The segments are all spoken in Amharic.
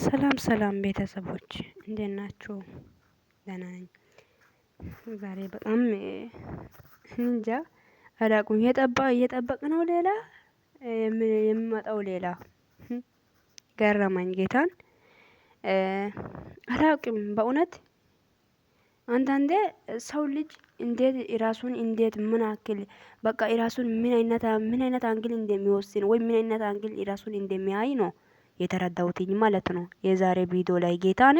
ሰላም ሰላም ቤተሰቦች እንዴት ናችሁ? ደህና ነኝ። ዛሬ በጣም እንጃ አላውቅም። የጠባ እየጠበቅ ነው ሌላ የሚመጣው ሌላ ገረመኝ። ጌታን አላውቅም በእውነት አንዳንዴ ሰው ልጅ እንዴት ራሱን እንዴት ምን አክል በቃ ራሱን ምን አይነት ምን አይነት አንግል እንደሚወስን ወይ ምን አይነት አንግል ራሱን እንደሚያይ ነው የተረዳውትኝ ማለት ነው። የዛሬ ቪዲዮ ላይ ጌታን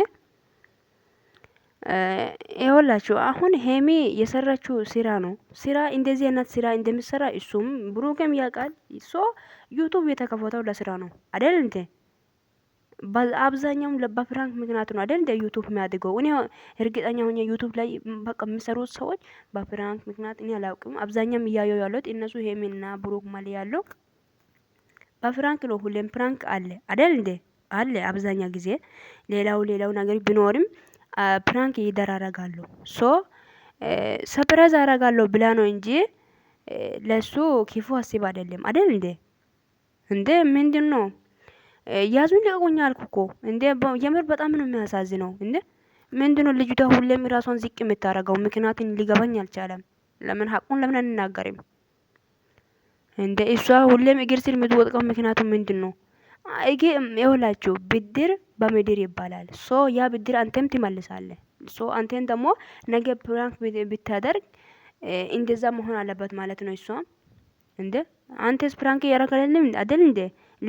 ይኸውላችሁ አሁን ሄሚ የሰራችው ስራ ነው። ስራ እንደዚህ አይነት ስራ እንደሚሰራ እሱም ብሩክም ያውቃል። ሶ ዩቱብ የተከፈተው ለስራ ነው አደል እንዴ? አብዛኛውም በፍራንክ ምክንያት ነው አደል እንደ ዩቱብ የሚያድገው። እኔ እርግጠኛ ሆኜ ዩቱብ ላይ በቃ የሚሰሩት ሰዎች በፍራንክ ምክንያት እኔ አላውቅም። አብዛኛም እያየው ያሉት እነሱ ሄሚና ብሩክ ማል ያለው በፍራንክ ነው። ሁሌም ፕራንክ አለ አደል እንዴ? አለ አብዛኛ ጊዜ ሌላው ሌላው ነገር ቢኖርም ፕራንክ ይደራረጋሉ። ሶ ሰፕራይዝ አረጋለሁ ብላ ነው እንጂ ለሱ ኪፉ አስብ አይደለም አደል እንዴ? እንዴ ምንድን ነው ያዙን ሊያቆኛ አልኩ እኮ እንዴ። የምር በጣም ነው የሚያሳዝነው። እንዴ ምንድን ነው ልጅቷ ሁሌም ራሷን ዝቅ የምታረገው? ምክንያቱን ሊገባኝ አልቻለም። ለምን ሀቁን ለምን አንናገርም? እንደ እሷ ሁሌም እግር ስር የምትወጥቀው ምክንያቱ ምንድን ነው? እግ ይሁላችሁ ብድር በምድር ይባላል። ሶ ያ ብድር አንተም ትመልሳለህ። ሶ አንተን ደግሞ ነገ ፕራንክ ብታደርግ እንደዛ መሆን አለበት ማለት ነው። እሷም እንደ አንተስ ፕራንክ እያረከለንም አይደል እንዴ?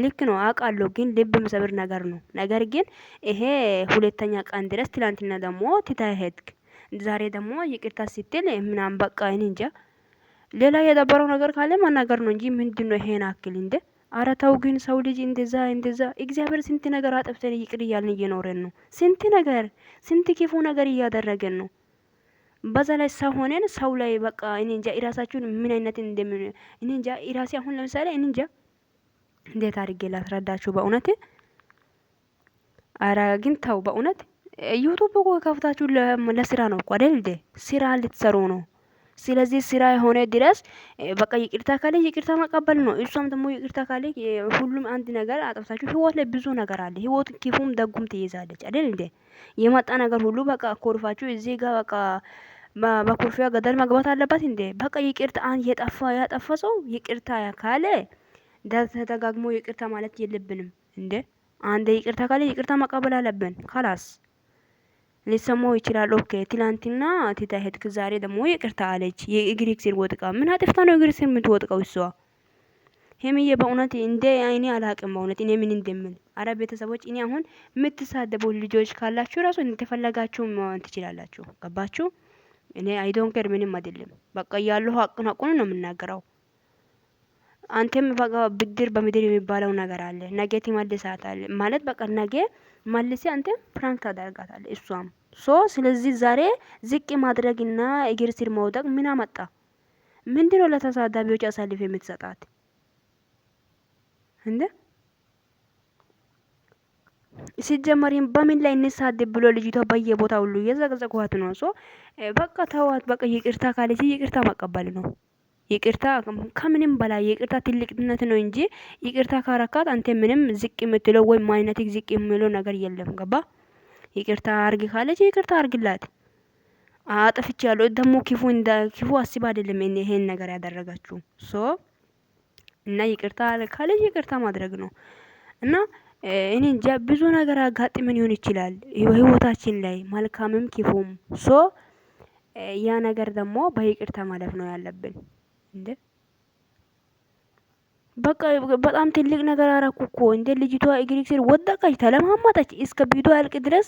ልክ ነው አውቃለሁ፣ ግን ልብ ምሰብር ነገር ነው። ነገር ግን ይሄ ሁለተኛ ቀን ድረስ ትላንትና ደግሞ ትተህ ሄድክ፣ ዛሬ ደግሞ ይቅርታ ስትል ምናምን በቃ እኔ እንጃ ሌላ የዳበረው ነገር ካለ ማናገር ነው እንጂ ምንድን ነው ይሄን አክል እንደ ኧረ ተው ግን ሰው ልጅ እንደዛ እንደዛ እግዚአብሔር ስንት ነገር አጥፍተን ይቅር እያልን እየኖረን ነው። ስንት ነገር ስንት ክፉ ነገር እያደረገን ነው። በዛ ላይ ሰው ሆነን ሰው ላይ በቃ እኔ እንጃ የራሳችሁን ምን አይነት እንደምን እኔ እንጃ የራሴ አሁን ለምሳሌ እኔ እንጃ እንዴት አድርጌ ላስረዳችሁ በእውነት ኧረ ግን ተው በእውነት ዩቱብ እኮ ከፍታችሁ ለስራ ነው እኮ አይደል እንዴ? ስራ ልትሰሩ ነው። ስለዚህ ስራ የሆነ ድረስ በቃ ይቅርታ ካለ ይቅርታ መቀበል ነው። እሷም ደግሞ ይቅርታ ካለ ሁሉም አንድ ነገር አጥፍታችሁ፣ ህይወት ላይ ብዙ ነገር አለ። ህይወት ክፉም ደጉም ትይዛለች አይደል እንዴ? የመጣ ነገር ሁሉ በቃ ኮርፋችሁ እዚህ ጋር በቃ በኮርፊያ ገደል መግባት አለባት እንዴ? በቃ ይቅርታ አንድ የጠፋ ያጠፋ ሰው ይቅርታ ካለ ተደጋግሞ ይቅርታ ማለት የለብንም እንዴ? አንድ ይቅርታ ካለ ይቅርታ መቀበል አለብን። ካላስ ሊሰማው ይችላል። ኦኬ ትላንትና ትታ ሄድክ፣ ዛሬ ደግሞ ይቅርታ አለች። የእግሪክ ስር ወጥቃ ምን አጥፍታ ነው እግሪክ ስር የምትወጥቀው እሷ? ሄምዬ በእውነት እንደ አይኔ አላቅም። በእውነት እኔ ምን እንደምል አረ ቤተሰቦች፣ እኔ አሁን የምትሳደቡ ልጆች ካላችሁ ራሱ እንደተፈለጋችሁ መሆን ትችላላችሁ። ገባችሁ? እኔ አይዶን ኬር ምንም አይደለም። በቃ ያለሁ አቅን አቁን ነው የምናገረው። አንተም በቃ ብድር በምድር የሚባለው ነገር አለ። ነገ ትመልሳታለህ ማለት በቃ ነገ መልሴ አንተ ፕራንክ ታደርጋታለህ እሷም ሶ ስለዚህ ዛሬ ዝቅ ማድረግና እግር ስር መውደቅ ምን አመጣ? ምንድነው ለተሳዳቢዎች አሳልፍ የምትሰጣት እንደ ሲጀመሪም በምን ላይ እንሳደብ ብሎ ልጅቷ በየቦታው ሁሉ እየዘቀዘቋት ነው። ሶ በቃ ተዋት፣ በቃ ይቅርታ ካለች ይቅርታ ማቀበል ነው። ይቅርታ ከምንም በላይ ይቅርታ ትልቅነት ነው እንጂ ይቅርታ ካረካት አንተ ምንም ዝቅ የምትለው ወይም ማንነትህ ዝቅ የምለው ነገር የለም። ገባ? ይቅርታ አርግ ካለች ይቅርታ አርግላት። አጥፍቼ ያለው ደግሞ ክፉ እንደ ክፉ አስብ አይደለም ይሄን ነገር ያደረጋችሁ ሶ እና ይቅርታ ካለች ይቅርታ ማድረግ ነው እና እኔ እንጃ ብዙ ነገር አጋጥመን ይሆን ይችላል በህይወታችን ላይ መልካምም ክፉም ሶ ያ ነገር ደግሞ በይቅርታ ማለፍ ነው ያለብን። እንዴ በቃ በጣም ትልቅ ነገር አራኩ እኮ እንደ ልጅቷ እግሪ ስር ወደቀች፣ ተለማማጠች እስከ ቢዱ አልቅ ድረስ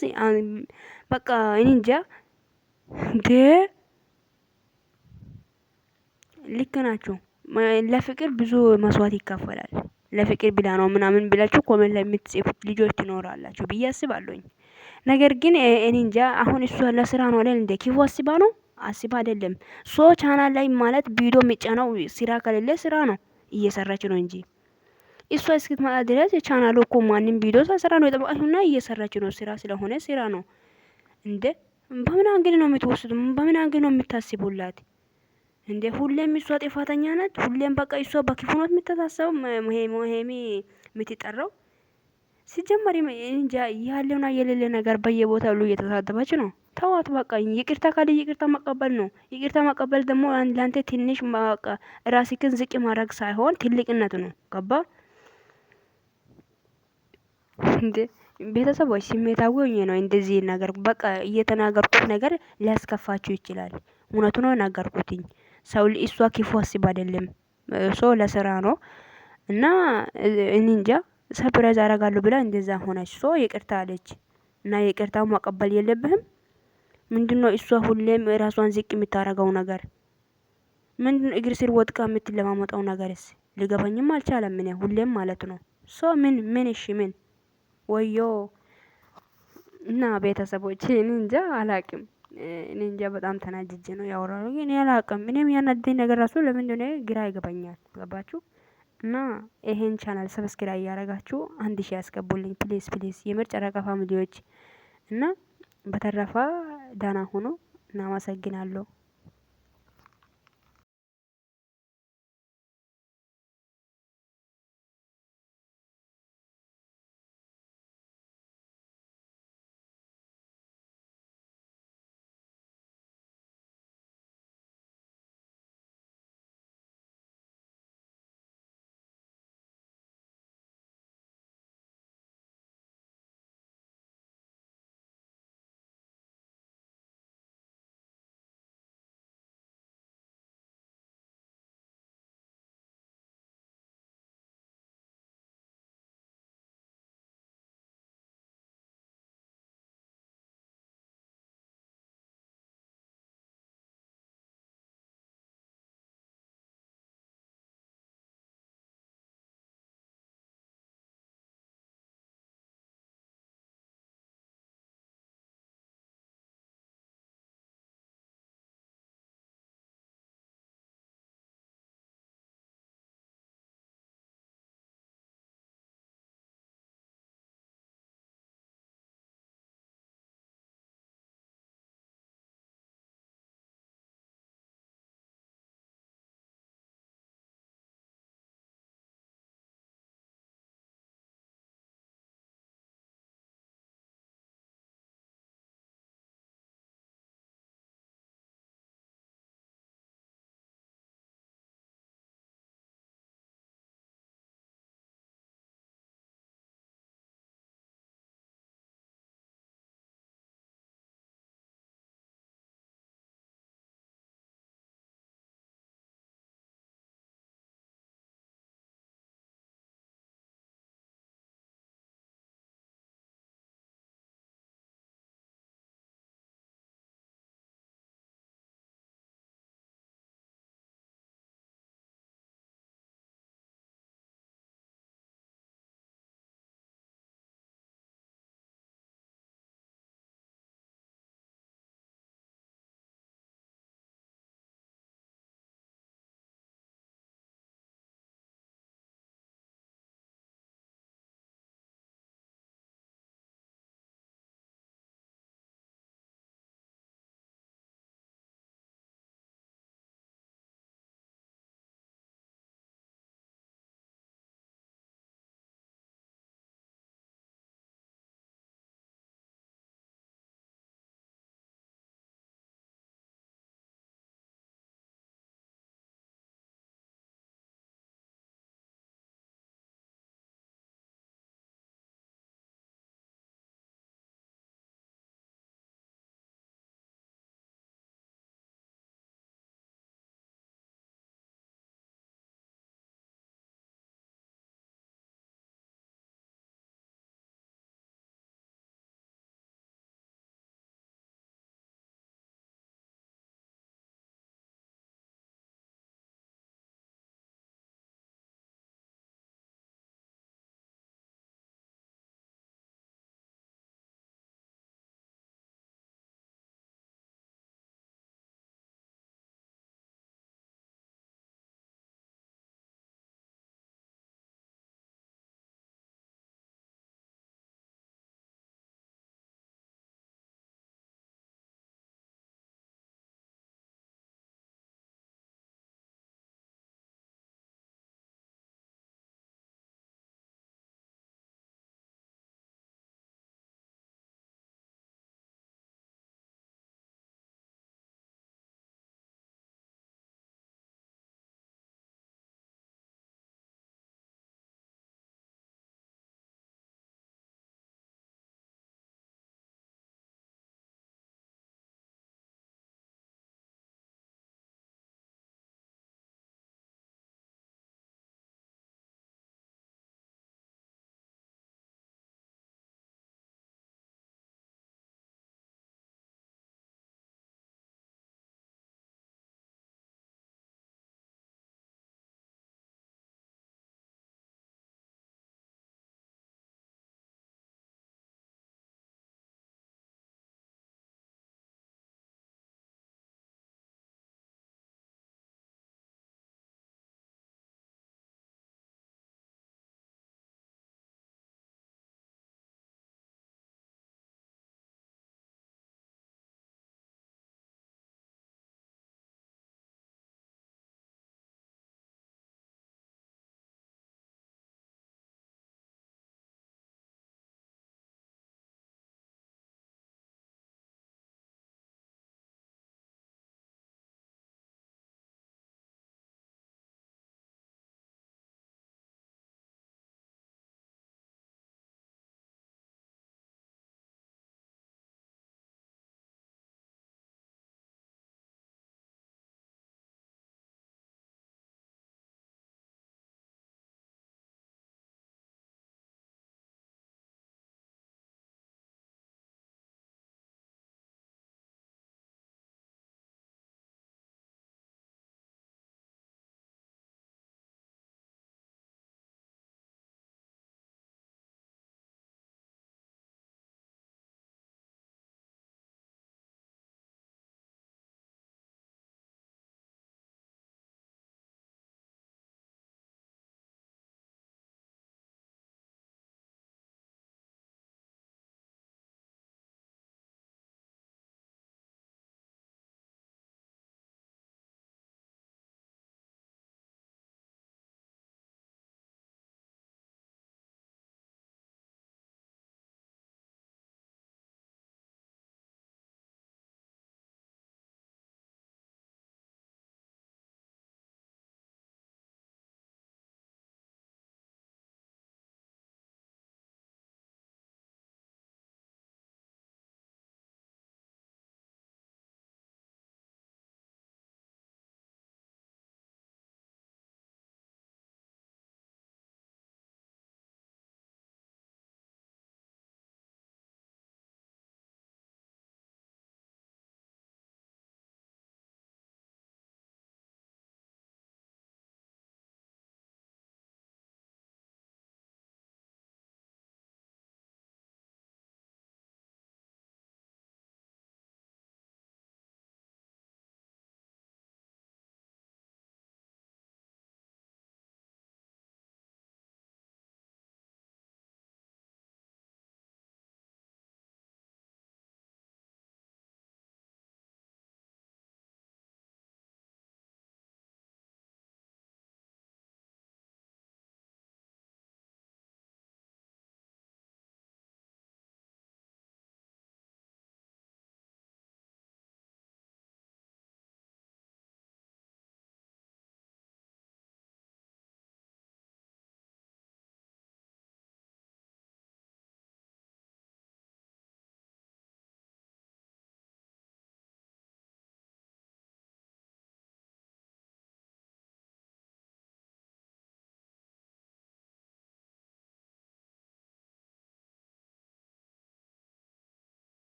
በቃ እንጃ እንዴ። ልክ ናቸው። ለፍቅር ብዙ መስዋዕት ይካፈላል። ለፍቅር ብላ ነው ምናምን ብላችሁ ኮሜንት ላይ የምትጽፉት ልጆች ትኖራላችሁ ብዬ አስባለሁኝ። ነገር ግን እኔ እንጃ አሁን እሷ ለስራ ነው አይደል እንዴ ክፉ አስባ ነው አስብ አይደለም። ሶ ቻናል ላይ ማለት ቪዲዮ የሚጫነው ስራ ከሌለ ስራ ነው፣ እየሰራች ነው እንጂ እሷ እስክትመጣ ድረስ ቻናሉ እኮ ማንም ቪዲዮ ሳሰራ ነው የጠበቃችሁና እየሰራች ነው። ስራ ስለሆነ ስራ ነው እንደ በምን አንግል ነው የምትወስዱ? በምን አንግል ነው የምታስቡላት? እንደ ሁሌም እሷ ጥፋተኛ ናት። ሁሌም በቃ እሷ በክፉ ነው የምትታሰበው፣ ምሄ የምትጠራው ሲጀመር እንጃ ያለውና የሌለ ነገር በየቦታው ሁሉ እየተሳደባች ነው። ተዋት በቃ። ይቅርታ ካለ ይቅርታ መቀበል ነው። ይቅርታ መቀበል ደግሞ ለአንተ ትንሽ በቃ ራስክን ዝቅ ማድረግ ሳይሆን ትልቅነት ነው። ገባ እንዴ? ቤተሰቦች ስሜታዊ ሆኜ ነው እንደዚህ ነገር በቃ እየተናገርኩት ነገር ሊያስከፋችሁ ይችላል። እውነቱ ነው ነገርኩትኝ። ሰው እሷ ክፉ አስብ አይደለም ሰው ለስራ ነው እና እኔ እንጃ ሰርፕራይዝ አደርጋለሁ ብላ እንደዛ ሆነች። ሶ ይቅርታ አለች እና ይቅርታው ማቀበል የለብህም። ምንድነው እሷ ሁሌም ራሷን ዝቅ የምታረገው ነገር ምንድን እግር ስር ወጥቃ የምትለማመጠው ነገርስ ሊገባኝም አልቻለም። እኔ ሁሌም ማለት ነው ሶ ምን ምን እሺ ምን ወዮ እና ቤተሰቦች እንጃ አላቅም። እኔ እንጃ በጣም ተናጅጄ ነው ያወራሁ። ግን ያላቅም እኔም ያናደኝ ነገር ራሱ ለምንድነው ግራ ይገባኛል። ገባችሁ? እና ይሄን ቻናል ሰብስክራይብ እያደረጋችሁ አንድ ሺ ያስገቡልኝ ፕሊዝ ፕሊዝ የምር ጨረቃ ፋሚሊዎች እና በተረፈ ዳና ሆኖ እናመሰግናለሁ።